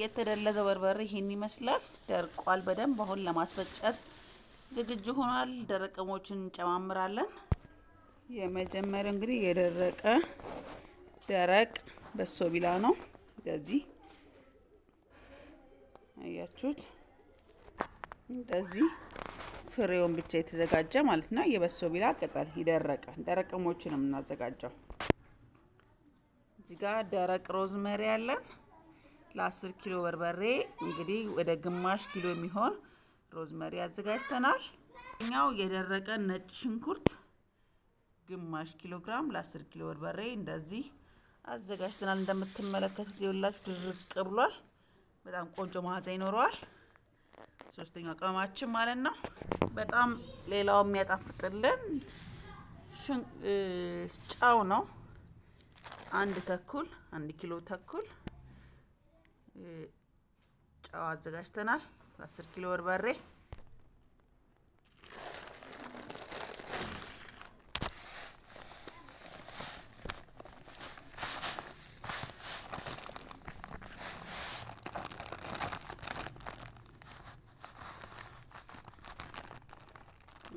የተደለዘ በርበሬ ይህን ይመስላል። ደርቋል በደንብ አሁን ለማስፈጨት ዝግጁ ሆኗል። ደረቀሞችን እንጨማምራለን። የመጀመሪያ እንግዲህ የደረቀ ደረቅ በሶ ቢላ ነው። እንደዚህ አያችሁት፣ እንደዚህ ፍሬውን ብቻ የተዘጋጀ ማለት ነው። የበሶ ቢላ ቅጠል ይደረቀ ደረቀሞችን የምናዘጋጀው እዚህ ጋር ደረቅ ሮዝመሪ አለን። ለ10 ኪሎ በርበሬ እንግዲህ ወደ ግማሽ ኪሎ የሚሆን ሮዝመሪ አዘጋጅተናል። ኛው የደረቀ ነጭ ሽንኩርት ግማሽ ኪሎ ግራም ለ10 ኪሎ በርበሬ እንደዚህ አዘጋጅተናል። እንደምትመለከቱት የወላችሁ ድርቅ ብሏል። በጣም ቆንጆ መዓዛ ይኖረዋል። ሶስተኛው ቅመማችን ማለት ነው። በጣም ሌላው የሚያጣፍጥልን ጨው ነው። አንድ ተኩል አንድ ኪሎ ተኩል ጨው አዘጋጅተናል። አስር ኪሎ በርበሬ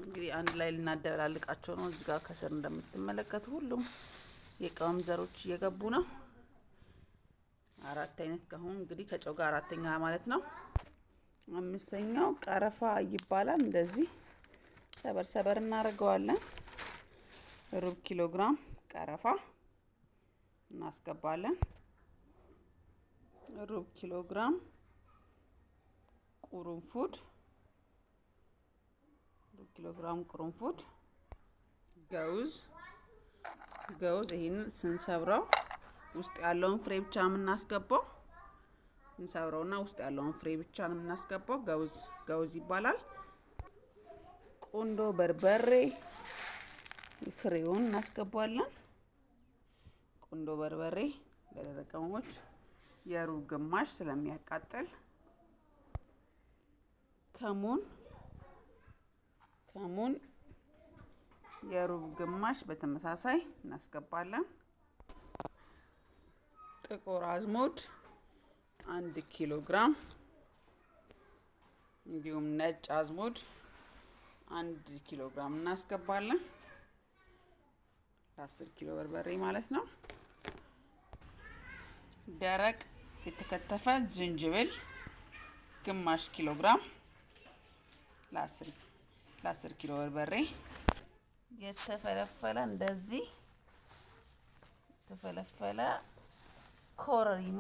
እንግዲህ አንድ ላይ ልናደበላልቃቸው ነው። እዚህ ጋር ከስር እንደምትመለከቱ ሁሉም የቅመም ዘሮች እየገቡ ነው። አራት አይነት ከአሁን እንግዲህ ከጨው ጋር አራተኛ ማለት ነው። አምስተኛው ቀረፋ ይባላል። እንደዚህ ሰበር ሰበር እናደርገዋለን። ሩብ ኪሎ ግራም ቀረፋ እናስገባለን። ሩብ ኪሎ ግራም ቁርንፉድ ሩብ ኪሎ ግራም ቁርንፉድ ገውዝ ገውዝ ይህን ስንሰብረው ውስጥ ያለውን ፍሬ ብቻ የምናስገባው እንሰብረውና ውስጥ ያለውን ፍሬ ብቻ ነው የምናስገባው። ገውዝ ገውዝ ይባላል። ቆንዶ በርበሬ ፍሬውን እናስገባለን። ቆንዶ በርበሬ ለደረቀሞች የሩብ ግማሽ ስለሚያቃጥል፣ ከሙን ከሙን የሩብ ግማሽ በተመሳሳይ እናስገባለን። ጥቁር አዝሙድ አንድ ኪሎ ግራም እንዲሁም ነጭ አዝሙድ አንድ ኪሎ ግራም እናስገባለን። ለአስር ኪሎ በርበሬ ማለት ነው። ደረቅ የተከተፈ ዝንጅብል ግማሽ ኪሎ ግራም ለአስር ኪሎ በርበሬ የተፈለፈለ እንደዚህ የተፈለፈለ ኮረሪማ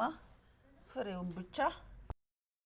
ፍሬውን ብቻ